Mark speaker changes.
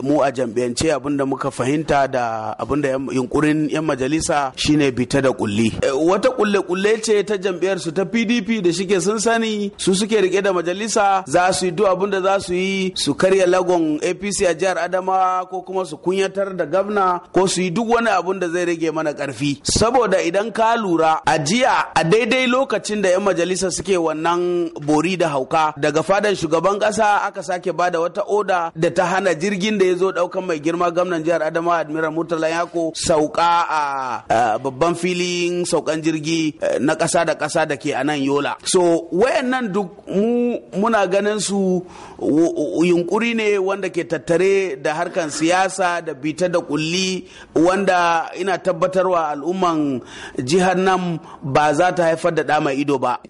Speaker 1: mu a jam'iyyance abin da muka fahimta da abin da yunkurin yan majalisa shine bita da kulli eh, wata kulle kulle ce ta jam'iyyar su ta PDP da shike sun sani su suke rike da majalisa za su yi duk abin da za su yi su karya lagon APC a jihar Adama ko kuma su kunyatar da gabna ko su yi duk wani abin da zai rage mana karfi saboda idan ka lura a jiya a daidai lokacin da yan majalisa suke wannan bori da hauka daga fadan shugaban kasa aka sake bada wata oda da ta hana jirgin da ya zo daukan mai girma gwamnan jihar adamawa admiral murtala yako sauka a babban filin saukan jirgi eh, na ƙasa da kasa da ke anan yola so wayannan duk mu muna ganin su yunkuri ne wanda ke tattare da harkan siyasa da bita da kulli wanda ina tabbatarwa al'umman jihar nan ba za ta haifar da ɗa mai ido ba